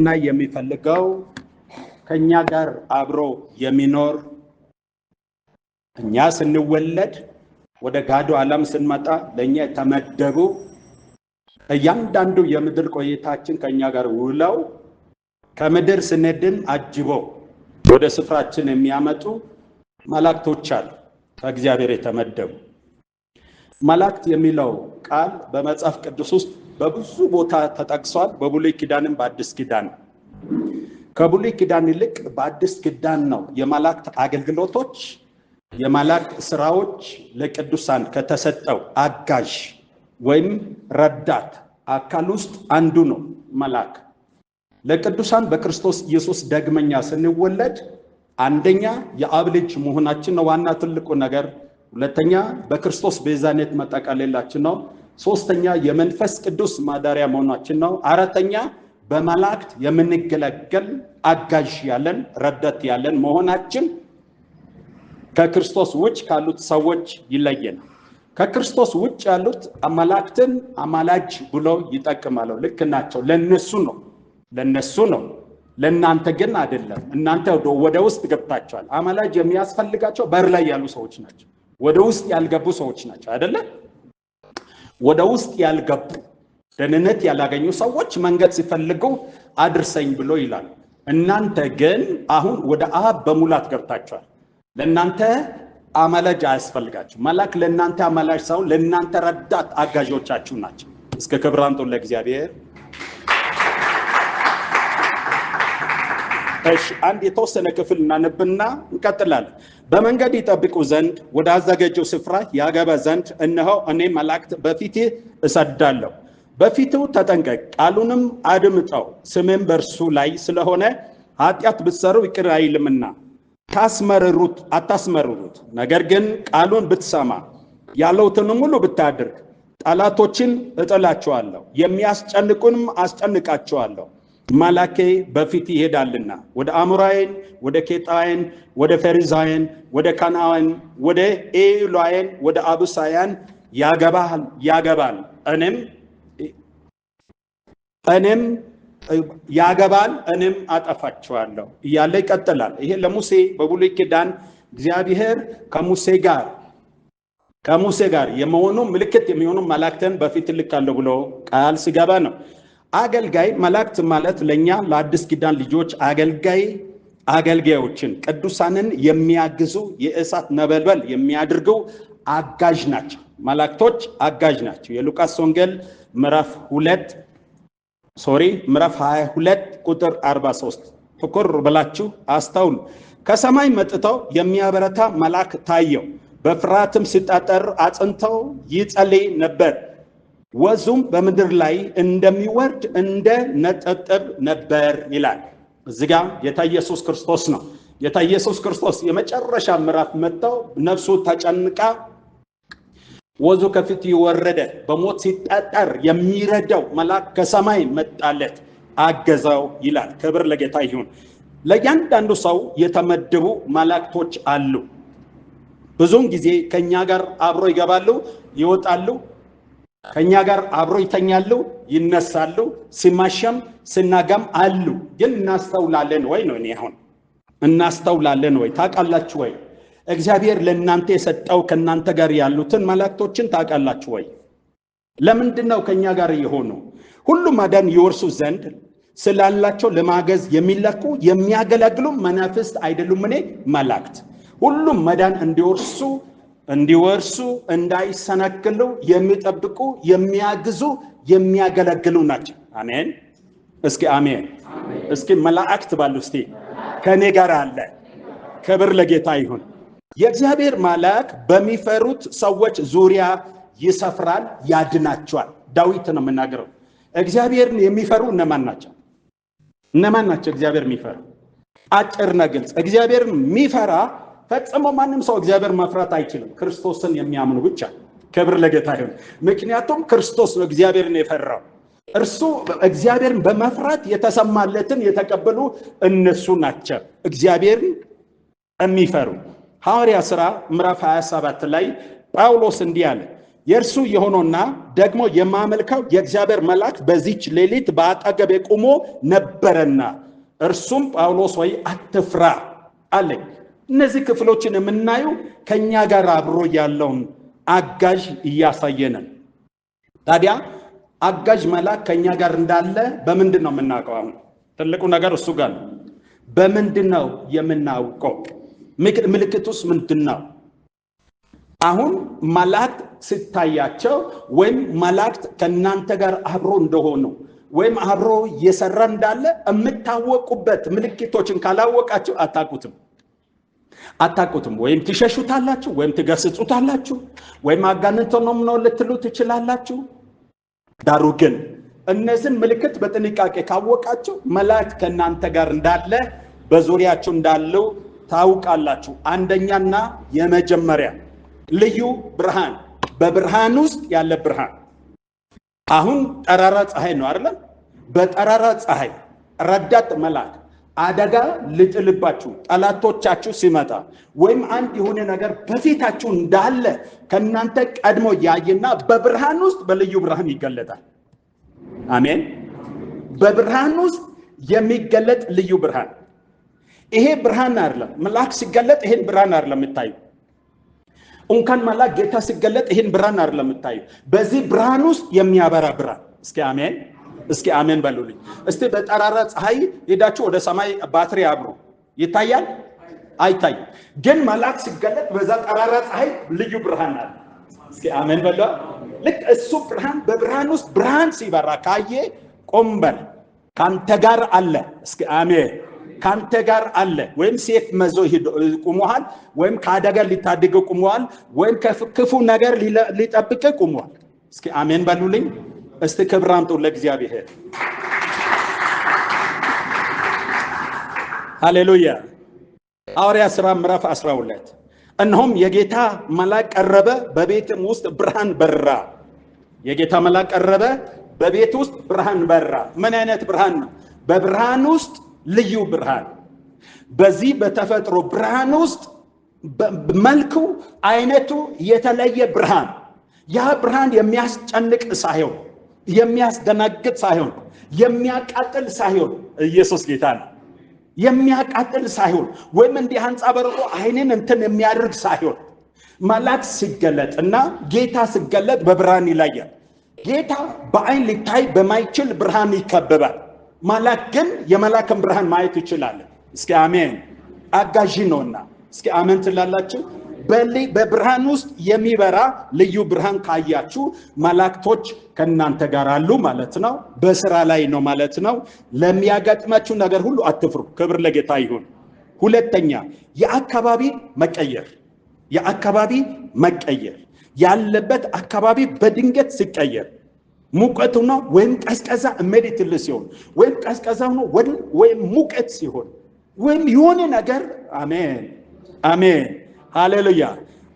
እና የሚፈልገው ከኛ ጋር አብሮ የሚኖር እኛ ስንወለድ ወደ ጋዶ ዓለም ስንመጣ ለእኛ የተመደቡ እያንዳንዱ የምድር ቆይታችን ከእኛ ጋር ውለው ከምድር ስንድን አጅቦ ወደ ስፍራችን የሚያመጡ መላእክቶች አሉ፣ ከእግዚአብሔር የተመደቡ መላእክት የሚለው ቃል በመጽሐፍ ቅዱስ ውስጥ በብዙ ቦታ ተጠቅሷል። በብሉይ ኪዳንም በአዲስ ኪዳን ከብሉይ ኪዳን ይልቅ በአዲስ ኪዳን ነው የመላእክት አገልግሎቶች የመላእክት ስራዎች ለቅዱሳን ከተሰጠው አጋዥ ወይም ረዳት አካል ውስጥ አንዱ ነው መልአክ። ለቅዱሳን በክርስቶስ ኢየሱስ ዳግመኛ ስንወለድ አንደኛ የአብ ልጅ መሆናችን ነው ዋና ትልቁ ነገር። ሁለተኛ በክርስቶስ ቤዛነት ሌላችን ነው። ሶስተኛ የመንፈስ ቅዱስ ማዳሪያ መሆናችን ነው። አራተኛ በመላእክት የምንገለገል አጋዥ ያለን ረዳት ያለን መሆናችን ከክርስቶስ ውጭ ካሉት ሰዎች ይለየናል። ከክርስቶስ ውጭ ያሉት አማላክትን አማላጅ ብለው ይጠቅማሉ። ልክ ናቸው። ለነሱ ነው ለነሱ ነው ለእናንተ ግን አይደለም። እናንተ ወደ ውስጥ ገብታችኋል። አማላጅ የሚያስፈልጋቸው በር ላይ ያሉ ሰዎች ናቸው። ወደ ውስጥ ያልገቡ ሰዎች ናቸው አይደለም። ወደ ውስጥ ያልገቡ ደህንነት ያላገኙ ሰዎች መንገድ ሲፈልጉ አድርሰኝ ብሎ ይላል። እናንተ ግን አሁን ወደ አብ በሙላት ገብታችኋል። ለእናንተ አመለጅ አያስፈልጋችሁ። መላክ ለእናንተ አመላጅ ሳይሆን ለእናንተ ረዳት አጋዦቻችሁ ናቸው። እስከ ክብር አንጡን ለእግዚአብሔር። እሺ አንድ የተወሰነ ክፍል እናነብና እንቀጥላለን። በመንገድ ይጠብቁ ዘንድ ወደ አዘጋጀው ስፍራ ያገባ ዘንድ እነሆ እኔ መላእክት በፊትህ እሰዳለሁ። በፊቱ ተጠንቀቅ፣ ቃሉንም አድምጠው፣ ስምም በእርሱ ላይ ስለሆነ ኃጢአት ብትሰሩ ይቅር አይልምና ታስመርሩት አታስመርሩት። ነገር ግን ቃሉን ብትሰማ ያለውትንም ሁሉ ብታደርግ ጠላቶችን እጥላቸዋለሁ፣ የሚያስጨንቁንም አስጨንቃቸዋለሁ መላኬ በፊት ይሄዳልና ወደ አሞራይን፣ ወደ ኬጣይን፣ ወደ ፈሪዛይን፣ ወደ ካናን፣ ወደ ኤሎይን፣ ወደ አቡሳያን ያገባል ያገባል እኔም እኔም ያገባል እኔም አጠፋቸዋለሁ እያለ ይቀጥላል። ይሄ ለሙሴ በብሉይ ኪዳን እግዚአብሔር ከሙሴ ጋር ከሙሴ ጋር የመሆኑ ምልክት የሚሆኑ መላእክትን በፊት ልካለሁ ብሎ ቃል ሲገባ ነው። አገልጋይ መላእክት ማለት ለእኛ ለአዲስ ኪዳን ልጆች አገልጋይ አገልጋዮችን ቅዱሳንን የሚያግዙ የእሳት ነበልበል የሚያድርገው አጋዥ ናቸው። መላእክቶች አጋዥ ናቸው። የሉቃስ ወንጌል ምዕራፍ ሁለት ሶሪ ምዕራፍ 22 ቁጥር 43 ትኩር ብላችሁ አስተውሉ። ከሰማይ መጥተው የሚያበረታ መልአክ ታየው። በፍርሃትም ሲጣጠር አጽንተው ይጸልይ ነበር። ወዙም በምድር ላይ እንደሚወርድ እንደ ነጠብጠብ ነበር ይላል። እዚህ ጋ ጌታ ኢየሱስ ክርስቶስ ነው። ጌታ ኢየሱስ ክርስቶስ የመጨረሻ ምዕራፍ መጥተው ነፍሱ ተጨንቃ ወዙ ከፊት ይወረደ በሞት ሲጣጣር የሚረዳው መልአክ ከሰማይ መጣለት፣ አገዘው ይላል። ክብር ለጌታ ይሁን። ለእያንዳንዱ ሰው የተመደቡ መላእክቶች አሉ። ብዙውን ጊዜ ከኛ ጋር አብረው ይገባሉ፣ ይወጣሉ። ከእኛ ጋር አብሮ ይተኛሉ፣ ይነሳሉ፣ ሲማሸም ስናጋም አሉ። ግን እናስተውላለን ወይ ነው እኔ አሁን እናስተውላለን ወይ? ታውቃላችሁ ወይ? እግዚአብሔር ለእናንተ የሰጠው ከእናንተ ጋር ያሉትን መላእክቶችን ታውቃላችሁ ወይ? ለምንድን ነው ከእኛ ጋር የሆኑ? ሁሉ ማዳን ይወርሱ ዘንድ ስላላቸው ለማገዝ የሚለኩ የሚያገለግሉ መናፍስት አይደሉም እኔ መላእክት ሁሉም መዳን እንዲወርሱ እንዲወርሱ እንዳይሰናክሉ የሚጠብቁ የሚያግዙ የሚያገለግሉ ናቸው። አሜን። እስኪ አሜን። እስኪ መላእክት ባሉ እስቲ ከኔ ጋር አለ። ክብር ለጌታ ይሁን። የእግዚአብሔር መልአክ በሚፈሩት ሰዎች ዙሪያ ይሰፍራል፣ ያድናቸዋል። ዳዊት ነው የምናገረው። እግዚአብሔርን የሚፈሩ እነማን ናቸው? እነማን ናቸው እግዚአብሔር የሚፈሩ? አጭርና ግልጽ እግዚአብሔርን የሚፈራ ፈጽሞ ማንም ሰው እግዚአብሔር መፍራት አይችልም፣ ክርስቶስን የሚያምኑ ብቻ። ክብር ለጌታ ይሁን። ምክንያቱም ክርስቶስ ነው እግዚአብሔርን የፈራው። እርሱ እግዚአብሔርን በመፍራት የተሰማለትን የተቀበሉ እነሱ ናቸው እግዚአብሔርን የሚፈሩ። ሐዋርያ ሥራ ምዕራፍ 27 ላይ ጳውሎስ እንዲህ አለ የእርሱ የሆነውና ደግሞ የማመልከው የእግዚአብሔር መልአክ በዚች ሌሊት በአጠገቤ ቆሞ ነበረና እርሱም ጳውሎስ ወይ አትፍራ አለኝ እነዚህ ክፍሎችን የምናየው ከእኛ ጋር አብሮ ያለውን አጋዥ እያሳየንን ታዲያ አጋዥ መልአክ ከእኛ ጋር እንዳለ በምንድን ነው የምናውቀው? አሁን ትልቁ ነገር እሱ ጋር ነው። በምንድን ነው የምናውቀው? ምልክቱስ ምንድን ነው? አሁን መላእክት ስታያቸው ወይም መላእክት ከእናንተ ጋር አብሮ እንደሆኑ ወይም አብሮ እየሰራ እንዳለ የምታወቁበት ምልክቶችን ካላወቃቸው አታውቁትም። አታቁትም ወይም ትሸሹታላችሁ፣ ወይም ትገስጹታላችሁ፣ ወይም አጋንንቶ ነው ምነው ልትሉ ትችላላችሁ። ዳሩ ግን እነዚህን ምልክት በጥንቃቄ ካወቃችሁ መላእክት ከእናንተ ጋር እንዳለ በዙሪያችሁ እንዳለው ታውቃላችሁ። አንደኛና የመጀመሪያ ልዩ ብርሃን፣ በብርሃን ውስጥ ያለ ብርሃን። አሁን ጠራራ ፀሐይ ነው አይደለም? በጠራራ ፀሐይ ረዳት መልአክ አደጋ ልጥልባችሁ ጠላቶቻችሁ ሲመጣ ወይም አንድ የሆነ ነገር በፊታችሁ እንዳለ ከእናንተ ቀድሞ ያየና በብርሃን ውስጥ በልዩ ብርሃን ይገለጣል። አሜን። በብርሃን ውስጥ የሚገለጥ ልዩ ብርሃን። ይሄ ብርሃን አይደለም። መልአክ ሲገለጥ ይሄን ብርሃን አይደለም የምታዩ። እንኳን መልአክ ጌታ ሲገለጥ ይሄን ብርሃን አይደለም የምታዩ። በዚህ ብርሃን ውስጥ የሚያበራ ብርሃን። እስኪ አሜን እስኪ አሜን በሉልኝ። እስቲ በጠራራ ፀሐይ ሄዳችሁ ወደ ሰማይ ባትሪ አብሩ ይታያል አይታይም። ግን መልአክ ሲገለጥ በዛ ጠራራ ፀሐይ ልዩ ብርሃን አለ። እስኪ አሜን በሏ። ልክ እሱ ብርሃን በብርሃን ውስጥ ብርሃን ሲበራ ካየ ቆምበል ከአንተ ካንተ ጋር አለ። እስኪ አሜን ከአንተ ጋር አለ። ወይም ሴፍ መዞ ቁመሃል፣ ወይም ከአደጋ ሊታድግ ቁመዋል፣ ወይም ከክፉ ነገር ሊጠብቅ ቁመዋል። እስኪ አሜን በሉልኝ። እስቲ ክብር አምጡ ለእግዚአብሔር ሃሌሉያ ሐዋርያ ሥራ ምዕራፍ 12 እነሆም የጌታ መልአክ ቀረበ በቤትም ውስጥ ብርሃን በራ የጌታ መልአክ ቀረበ በቤት ውስጥ ብርሃን በራ ምን አይነት ብርሃን ነው በብርሃን ውስጥ ልዩ ብርሃን በዚህ በተፈጥሮ ብርሃን ውስጥ መልኩ አይነቱ የተለየ ብርሃን ያ ብርሃን የሚያስጨንቅ ሳይሆን የሚያስደናግጥ ሳይሆን የሚያቃጥል ሳይሆን ኢየሱስ ጌታ ነው። የሚያቃጥል ሳይሆን ወይም እንዲህ አንጸባርቆ አይንን እንትን የሚያደርግ ሳይሆን መልአክ ሲገለጥ እና ጌታ ሲገለጥ በብርሃን ይለያል። ጌታ በአይን ሊታይ በማይችል ብርሃን ይከበባል። መልአክ ግን የመልአክን ብርሃን ማየት ይችላል። እስኪ አሜን። አጋዥ ነውና እስኪ አሜን ትላላችሁ። በብርሃን ውስጥ የሚበራ ልዩ ብርሃን ካያችሁ መላእክቶች ከእናንተ ጋር አሉ ማለት ነው። በስራ ላይ ነው ማለት ነው። ለሚያጋጥማችሁ ነገር ሁሉ አትፍሩ። ክብር ለጌታ ይሁን። ሁለተኛ የአካባቢ መቀየር፣ የአካባቢ መቀየር ያለበት አካባቢ በድንገት ሲቀየር ሙቀት ሆኖ ወይም ቀዝቀዛ ሜዲትል ሲሆን ወይም ቀዝቀዛ ሆኖ ወይም ሙቀት ሲሆን ወይም የሆነ ነገር አሜን፣ አሜን፣ ሃሌሉያ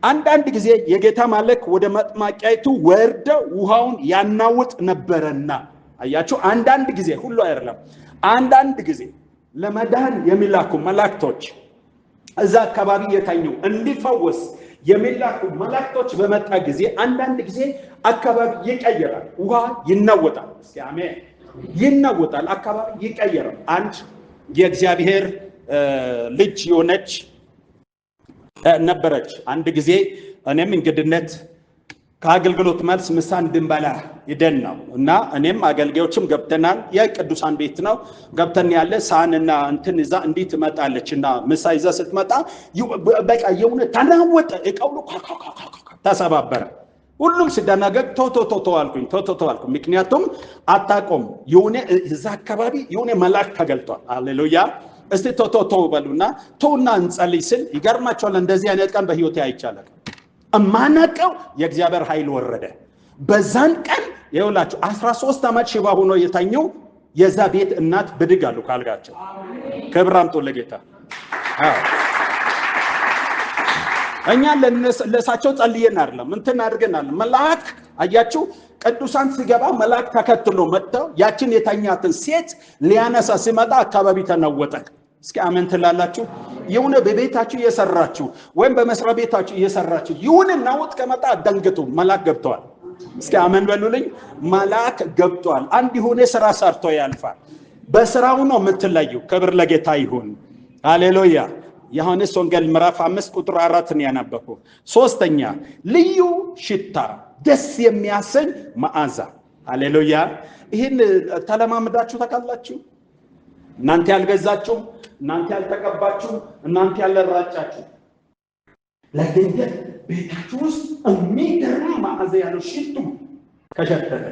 አንዳንድ ጊዜ የጌታ ማለክ ወደ መጥማቂያይቱ ወርደ ውሃውን ያናውጥ ነበረና አያችሁ አንዳንድ ጊዜ ሁሉ አይደለም አንዳንድ ጊዜ ለመዳን የሚላኩ መላእክቶች እዛ አካባቢ የተኙ እንዲፈወስ የሚላኩ መላእክቶች በመጣ ጊዜ አንዳንድ ጊዜ አካባቢ ይቀየራል ውሃ ይናወጣል እስኪ አሜን ይናወጣል አካባቢ ይቀየራል አንድ የእግዚአብሔር ልጅ የሆነች ነበረች። አንድ ጊዜ እኔም እንግድነት ከአገልግሎት መልስ ምሳ እንድንበላ ይደን ነው እና እኔም አገልጋዮችም ገብተናል። የቅዱሳን ቤት ነው ገብተን ያለ ሳህንና እንትን ይዛ እንዲህ ትመጣለች እና ምሳ ይዛ ስትመጣ በቃ የሆነ ተናወጠ፣ እቀውሉ ተሰባበረ። ሁሉም ሲደናገግ ቶቶቶቶ አልኩኝ፣ ቶቶቶ አልኩኝ። ምክንያቱም አታቆም የሆነ እዛ አካባቢ የሆነ መልአክ ተገልጧል። አሌሉያ እስቲ ቶ ቶ ቶ በሉና ቶና እንጸልይ ስል ይገርማቸዋል። እንደዚህ አይነት ቀን በህይወት አይቻለም። እማናቀው የእግዚአብሔር ኃይል ወረደ። በዛን ቀን ይኸውላችሁ 13 ዓመት ሽባ ሆኖ የተኘው የዛ ቤት እናት ብድግ አሉ ካልጋቸው። ክብር አምጡ ለጌታ። እኛ ለእሳቸው ጸልየን አይደለም እንትን አድርገናል። መልአክ አያችሁ፣ ቅዱሳን ሲገባ መልአክ ተከትሎ መጥተው ያችን የተኛትን ሴት ሊያነሳ ሲመጣ አካባቢ ተናወጠ። እስኪ አሜን ትላላችሁ? የሆነ በቤታችሁ እየሰራችሁ ወይም በመስሪያ ቤታችሁ እየሰራችሁ ይሁንና ውጥ ከመጣ አደንግጡ፣ መልአክ ገብተዋል። እስኪ አሜን በሉልኝ። መልአክ ገብቷል። አንድ የሆነ ስራ ሰርቶ ያልፋል። በስራው ነው የምትለዩ። ክብር ለጌታ ይሁን። ሃሌሉያ። ዮሐንስ ወንጌል ምዕራፍ አምስት ቁጥር ነው ያነበብኩ። ሶስተኛ ልዩ ሽታ፣ ደስ የሚያሰኝ መዓዛ። ሃሌሉያ። ይህን ተለማምዳችሁ ታውቃላችሁ? እናንተ ያልገዛችሁም፣ እናንተ ያልተቀባችሁም፣ እናንተ ያልራጫችሁ ለድንገት ቤታችሁ ውስጥ የሚገርም መዓዛ ያለው ሽቱ ከሸተተ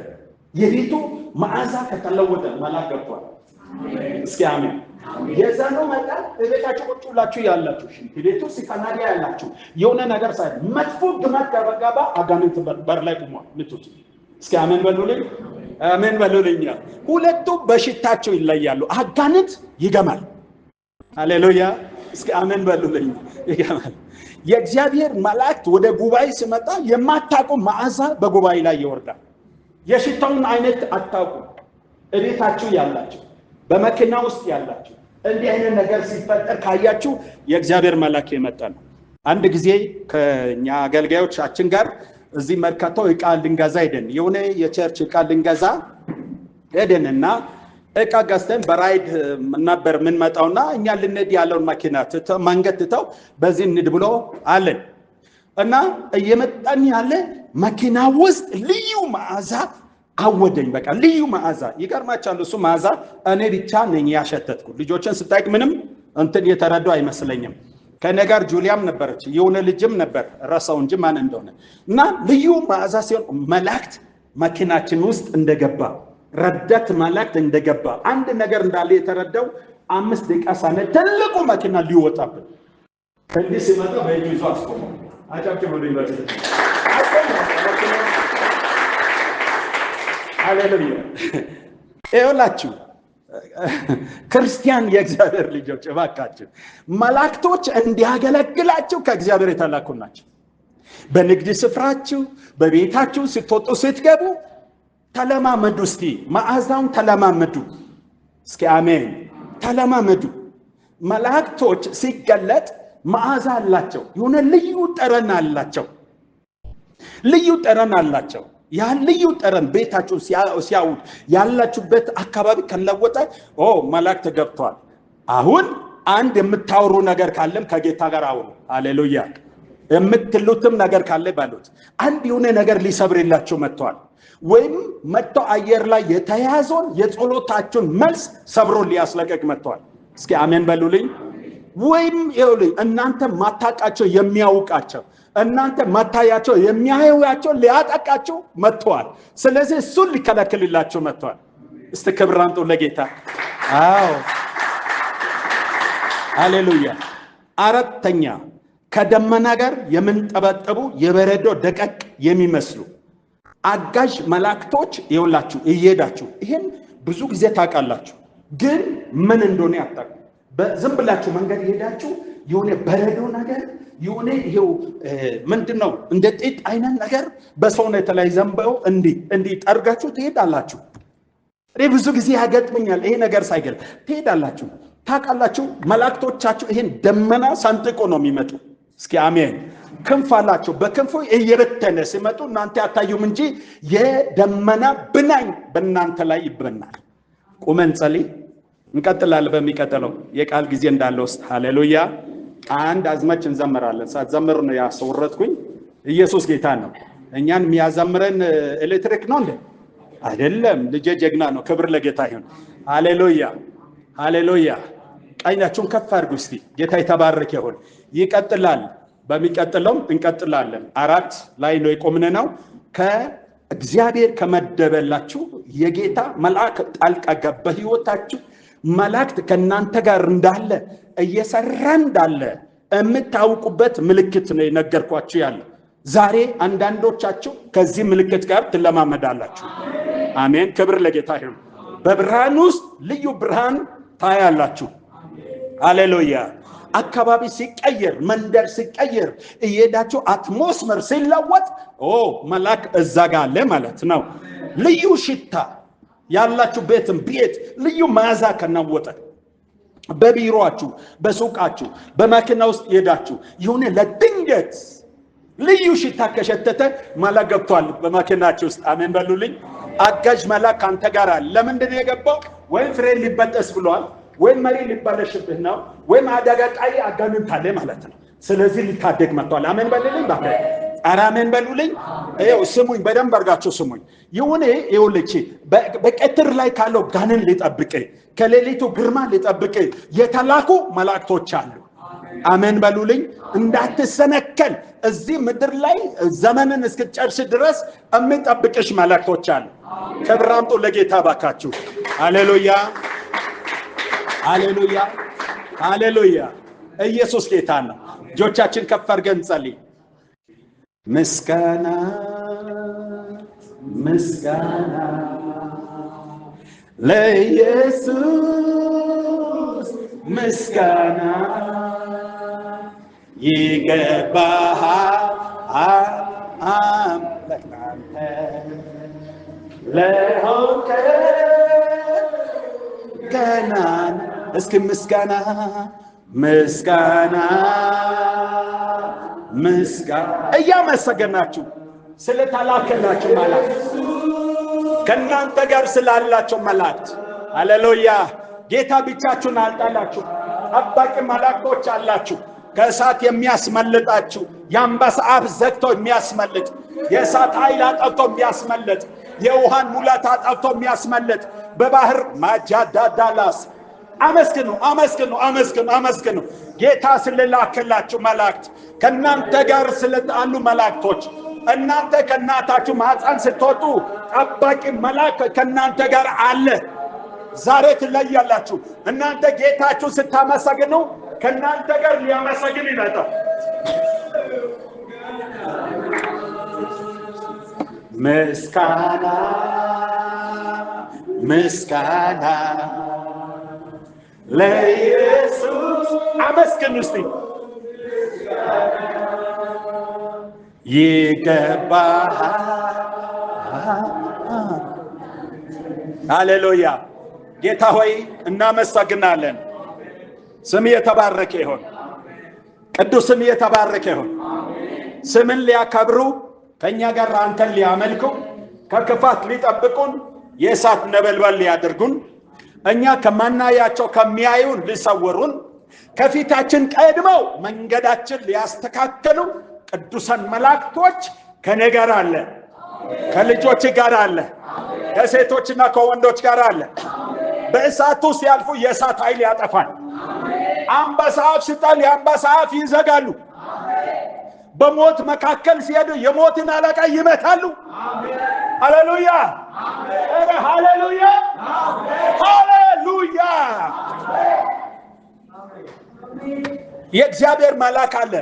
የቤቱ መዓዛ ከተለወጠ መላክ ገብቷል። እስኪ አሜን። የዛነው መጠን እቤታችሁ ቁጭ ብላችሁ ያላችሁ ሽንት ቤቱ ሲፈናዳ ያላችሁ የሆነ ነገር ሳይ መጥፎ ግማት ከበጋባ አጋንንት በር ላይ ቆሟል። ምቱት። እስኪ አሜን በሉልኝ። አሜን በሉልኝ። ሁለቱ በሽታቸው ይለያሉ። አጋንንት ይገማል። ሃሌሉያ! እስኪ አሜን በሉልኝ። ይገማል። የእግዚአብሔር መላእክት ወደ ጉባኤ ሲመጣ የማታውቁ መዓዛ በጉባኤ ላይ ይወርዳል። የሽታውን አይነት አታውቁ። እቤታችሁ ያላችሁ፣ በመኪና ውስጥ ያላችሁ እንዲህ አይነት ነገር ሲፈጠር ካያችሁ የእግዚአብሔር መልአክ የመጣ ነው። አንድ ጊዜ ከኛ አገልጋዮቻችን ጋር እዚህ መርካቶ እቃ ልንገዛ ሄደን የሆነ የቸርች እቃ ልንገዛ ሄደንና እቃ ገዝተን በራይድ ነበር የምንመጣውና እኛ ልንሄድ ያለውን መኪና መንገድ ትተው በዚህ ንድ ብሎ አለን እና እየመጣን ያለ መኪና ውስጥ ልዩ መዓዛ አወደኝ። በቃ ልዩ መዓዛ ይገርማችኋል። እሱ መዓዛ እኔ ብቻ ነኝ ያሸተትኩ። ልጆችን ስታይቅ ምንም እንትን የተረዱ አይመስለኝም። ከእኔ ጋር ጁሊያም ነበረች፣ የሆነ ልጅም ነበር፣ ረሳው እንጂ ማን እንደሆነ እና ልዩ መዓዛ ሲሆን መላእክት መኪናችን ውስጥ እንደገባ ረዳት መላእክት እንደገባ አንድ ነገር እንዳለ የተረዳው አምስት ደቂቃ ሳነ ትልቁ መኪና ሊወጣብን ከእንዲህ ሲመጣ በእጁ ይዞ አስቆመ። አጫጭር ወደ ዩኒቨርሲቲ አሌሉያ ይኸውላችሁ ክርስቲያን የእግዚአብሔር ልጆች እባካችሁ መላእክቶች እንዲያገለግላችሁ ከእግዚአብሔር የተላኩ ናቸው። በንግድ ስፍራችሁ፣ በቤታችሁ ስትወጡ ስትገቡ ተለማመዱ። እስቲ መዓዛውን ተለማመዱ። እስኪ አሜን ተለማመዱ። መላእክቶች ሲገለጥ መዓዛ አላቸው። የሆነ ልዩ ጠረን አላቸው። ልዩ ጠረን አላቸው። ያን ልዩ ጠረን ቤታችሁን ሲያውድ ያላችሁበት አካባቢ ከለወጠ ኦ መላእክት አሁን አንድ የምታወሩ ነገር ካለም ከጌታ ጋር አውሩ። አሌሉያ የምትሉትም ነገር ካለ ባሉት አንድ የሆነ ነገር ሊሰብርላቸው መጥተዋል። ወይም መጥተው አየር ላይ የተያዘውን የጸሎታችሁን መልስ ሰብሮ ሊያስለቀቅ መጥተዋል። እስኪ አሜን በሉልኝ። ወይም ይኸውልኝ እናንተ ማታቃቸው የሚያውቃቸው እናንተ መታያቸው የሚያዩያቸው ሊያጠቃችሁ መጥተዋል። ስለዚህ እሱን ሊከለክልላችሁ መጥተዋል። እስቲ ክብር አምጡ ለጌታ። አዎ ሃሌሉያ። አራተኛ ከደመና ጋር የምንጠበጠቡ የበረዶ ደቀቅ የሚመስሉ አጋዥ መላእክቶች ይውላችሁ እየሄዳችሁ ይህን ብዙ ጊዜ ታውቃላችሁ፣ ግን ምን እንደሆነ ያታቁ ዝም ብላችሁ መንገድ ይሄዳችሁ የሆነ በረዶ ነገር የሆነ ይሄው ምንድን ነው እንደ ጤጥ አይነት ነገር በሰውነት ላይ ዘንበው እንዲህ እንዲህ ጠርጋችሁ ትሄዳላችሁ። እኔ ብዙ ጊዜ ያገጥመኛል ይሄ ነገር ሳይገል ትሄዳላችሁ። ታውቃላችሁ፣ መላእክቶቻችሁ ይሄን ደመና ሰንጥቆ ነው የሚመጡ። እስኪ አሜን። ክንፍ አላቸው። በክንፉ እየበተነ ሲመጡ እናንተ አታዩም እንጂ የደመና ብናኝ በእናንተ ላይ ይበናል። ቁመን ጸልይ። እንቀጥላለን። በሚቀጥለው የቃል ጊዜ እንዳለ ውስጥ ሃሌሉያ። አንድ አዝማች እንዘምራለን። ሳትዘምር ነው ያሰወረትኩኝ። ኢየሱስ ጌታ ነው። እኛን የሚያዘምረን ኤሌክትሪክ ነው እንዴ? አይደለም። ልጄ ጀግና ነው። ክብር ለጌታ ይሁን። ሃሌሉያ ሃሌሉያ። ቀኛችሁን ከፍ አድርጉ እስቲ። ጌታ የተባረከ ይሁን። ይቀጥላል። በሚቀጥለውም እንቀጥላለን። አራት ላይ ነው የቆምነ ነው ከእግዚአብሔር ከመደበላችሁ የጌታ መልአክ ጣልቃ ገብ በህይወታችሁ መላእክት ከእናንተ ጋር እንዳለ እየሰራ እንዳለ የምታውቁበት ምልክት ነው የነገርኳችሁ ያለ። ዛሬ አንዳንዶቻችሁ ከዚህ ምልክት ጋር ትለማመዳላችሁ። አሜን። ክብር ለጌታ ይሁን። በብርሃን ውስጥ ልዩ ብርሃን ታያላችሁ። አሌሉያ። አካባቢ ሲቀየር፣ መንደር ሲቀየር፣ እየሄዳችሁ አትሞስመር ሲለወጥ ኦ መልአክ እዛ ጋር አለ ማለት ነው። ልዩ ሽታ ቤትም ቤት ልዩ መዓዛ ከናወጠ በቢሮአችሁ፣ በሱቃችሁ፣ በመኪና ውስጥ ሄዳችሁ የሆነ ለድንገት ልዩ ሽታ ከሸተተ መላ ገብቷል በመኪናችሁ ውስጥ። አሜን በሉልኝ። አጋዥ መላ ከአንተ ጋር አለ። ለምንድን የገባው? ወይም ፍሬ ሊበጠስ ብሏል፣ ወይም መሪ ሊበለሽብህ ነው፣ ወይም አደጋ ጣይ አጋንንት አለ ማለት ነው። ስለዚህ ሊታደግ መጥቷል። አሜን በሉልኝ። ኧረ አሜን በሉልኝ። ይኸው ስሙኝ፣ በደንብ አድርጋችሁ ስሙኝ። የሆነ ይኸውልህ በቀትር ላይ ካለው ጋንን ሊጠብቅ ከሌሊቱ ግርማ ሊጠብቅ የተላኩ መላእክቶች አሉ። አሜን በሉልኝ። እንዳትሰነከል እዚህ ምድር ላይ ዘመንን እስክጨርስ ድረስ የምንጠብቅሽ መላእክቶች አሉ። ክብር አምጡ ለጌታ ባካችሁ። አሌሉያ፣ አሌሉያ፣ አሌሉያ። ኢየሱስ ጌታ ነው። እጆቻችን ከፍ አድርገን እንጸልይ። ምስጋና ምስጋና ለኢየሱስ ምስጋና ይገባሃል አምላክ ለሆንከ ገናን እስኪ ምስጋና ምስጋና ምስጋና እያመሰገናችሁ ስለተላከላችሁ መላእክት ከእናንተ ጋር ስላላቸው መላእክት አሌሉያ ጌታ ብቻችሁን አልጣላችሁ። ጠባቂ መላእክቶች አላችሁ። ከእሳት የሚያስመልጣችሁ የአንበሳ አፍ ዘግቶ የሚያስመልጥ የእሳት ኃይል አጠፍቶ የሚያስመልጥ የውሃን ሙላት አጠፍቶ የሚያስመልጥ በባህር ማጃዳዳላስ አመስግኑ፣ አመስግኑ፣ አመስግኑ፣ አመስግኑ። ጌታ ስለላከላችሁ መላእክት ከእናንተ ጋር ስለጣሉ መላእክቶች እናንተ ከእናታችሁ ማህፀን ስትወጡ ጠባቂ መልአክ ከእናንተ ጋር አለ። ዛሬ ትለያላችሁ። እናንተ ጌታችሁ ስታመሰግኑ ከእናንተ ጋር ሊያመሰግን ይመጣል። ምስጋና ምስጋና ለኢየሱስ አመስግን እስቲ። ይገባሃል። ሃሌሉያ። ጌታ ሆይ እናመሰግናለን። ስም የተባረከ ይሆን፣ ስም የተባረከ ይሆን። ስምን ሊያከብሩ ከእኛ ጋር አንተን ሊያመልኩ ከክፋት ሊጠብቁን የእሳት ነበልባል ሊያደርጉን እኛ ከማናያቸው ከሚያዩን ሊሰውሩን ከፊታችን ቀድመው መንገዳችን ሊያስተካከሉ ቅዱሳን መላእክቶች ከኔ ጋር አለ፣ ከልጆች ጋር አለ፣ ከሴቶችና ከወንዶች ጋር አለ። በእሳቱ ሲያልፉ የእሳት ኃይል ያጠፋል። አንበሳ አፍ ሲጣል የአንበሳ አፍ ይዘጋሉ። በሞት መካከል ሲሄዱ የሞትን አለቃ ይመታሉ። ሃሌሉያ! ሃሌሉያ! የእግዚአብሔር መልአክ አለ።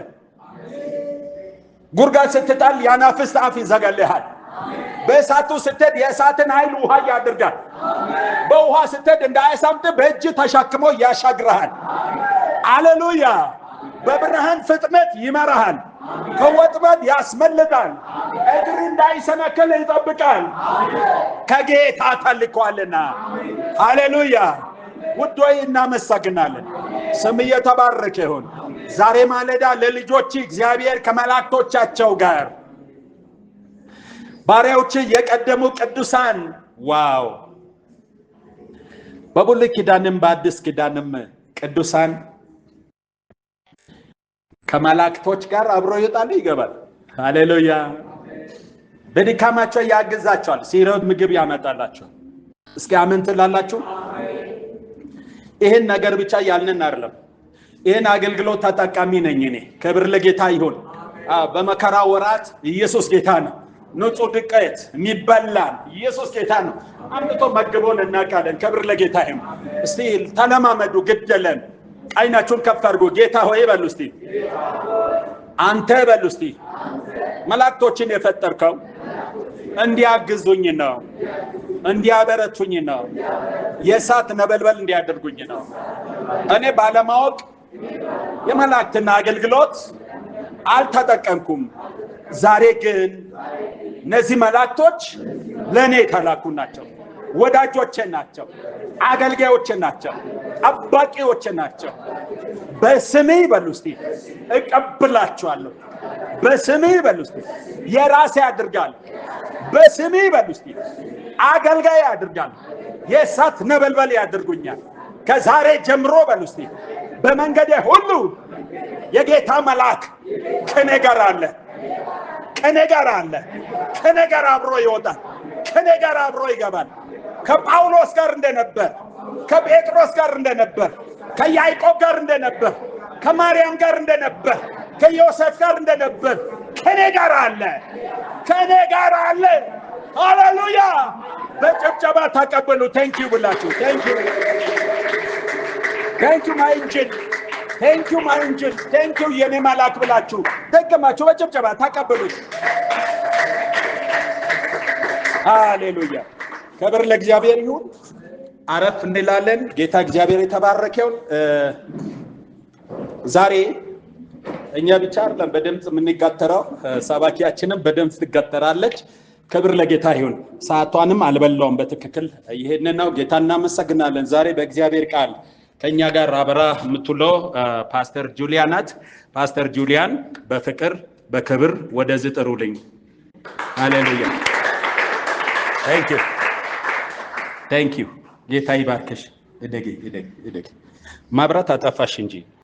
ጉርጋ ስትጣል የአናፍስት አፍ ይዘጋልሃል። በእሳቱ ስትሄድ የእሳትን ኃይል ውሃ ያደርጋል። በውሃ ስትሄድ እንዳያሳምጥ በእጅ ተሸክሞ ያሻግረሃል። አሌሉያ! በብርሃን ፍጥነት ይመራሃል። ከወጥመድ ያስመልጣል። እግር እንዳይሰነክል ይጠብቃል። ከጌታ ታልከዋልና። አሌሉያ! ውድ ሆይ እናመሰግናለን። ስም እየተባረከ ይሁን። ዛሬ ማለዳ ለልጆች እግዚአብሔር ከመላእክቶቻቸው ጋር ባሪያዎች የቀደሙ ቅዱሳን ዋው! በብሉይ ኪዳንም በአዲስ ኪዳንም ቅዱሳን ከመላእክቶች ጋር አብሮ ይወጣሉ፣ ይገባል። ሃሌሉያ! በድካማቸው ያግዛቸዋል፣ ሲረዱ ምግብ ያመጣላቸው እስኪ አሜን ትላላችሁ? ይህን ነገር ብቻ ያልንን አይደለም ይህን አገልግሎት ተጠቃሚ ነኝ እኔ። ክብር ለጌታ ይሁን። በመከራ ወራት ኢየሱስ ጌታ ነው። ንጹህ ድቀት የሚበላን ኢየሱስ ጌታ ነው። አምጥቶ መግቦን እናውቃለን። ክብር ለጌታ ይሁን። እስቲ ተለማመዱ፣ ግደለን። ቀኝናችሁን ከፍ አድርጎ ጌታ ሆይ በሉ እስቲ፣ አንተ በሉ እስቲ። መላእክቶችን የፈጠርከው እንዲያግዙኝ ነው፣ እንዲያበረቱኝ ነው፣ የእሳት ነበልበል እንዲያደርጉኝ ነው። እኔ ባለማወቅ የመላእክትና አገልግሎት አልተጠቀምኩም። ዛሬ ግን እነዚህ መላእክቶች ለእኔ የተላኩ ናቸው፣ ወዳጆቼ ናቸው፣ አገልጋዮቼ ናቸው፣ ጠባቂዎቼ ናቸው። በስሜ በሉ እስቲ እቀብላችኋለሁ። በስሜ በሉ እስቲ የራሴ አድርጋለሁ። በስሜ በሉ እስቲ አገልጋይ አድርጋለሁ። የእሳት ነበልበል ያደርጉኛል። ከዛሬ ጀምሮ በሉ እስቲ በመንገዴ ሁሉ የጌታ መልአክ ከኔ ጋር አለ፣ ከኔ ጋር አለ፣ ከኔ ጋር አብሮ ይወጣል፣ ከኔ ጋር አብሮ ይገባል። ከጳውሎስ ጋር እንደነበር፣ ከጴጥሮስ ጋር እንደነበር፣ ከያዕቆብ ጋር እንደነበር፣ ከማርያም ጋር እንደነበር፣ ከዮሴፍ ጋር እንደነበር ከኔ ጋር አለ፣ ከኔ ጋር አለ። ሃሌሉያ! በጭብጨባ ተቀበሉ። ዩ ብላችሁ ዩ ቴንኪዩ ማይንጅል ቴንኪዩ ማይንጅል ቴንኪዩ የኔ ማላክ ብላችሁ ደገማችሁ በጭብጨባ ታቀብሉት ሃሌሉያ ክብር ለእግዚአብሔር ይሁን አረፍ እንላለን ጌታ እግዚአብሔር የተባረከውን ዛሬ እኛ ብቻ አይደለም በድምፅ የምንጋተረው ሰባኪያችንም በድምፅ ትጋተራለች ክብር ለጌታ ይሁን ሰዓቷንም አልበላውም በትክክል ይህንን ነው ጌታ እናመሰግናለን ዛሬ በእግዚአብሔር ቃል ከኛ ጋር አብራ የምትውለው ፓስተር ጁሊያ ናት። ፓስተር ጁሊያን በፍቅር በክብር ወደዚህ ጥሩልኝ። ሃሌሉያ። ታንኪዩ ጌታ ይባርክሽ። እደጌ እደጌ እደጌ ማብራት አጠፋሽ እንጂ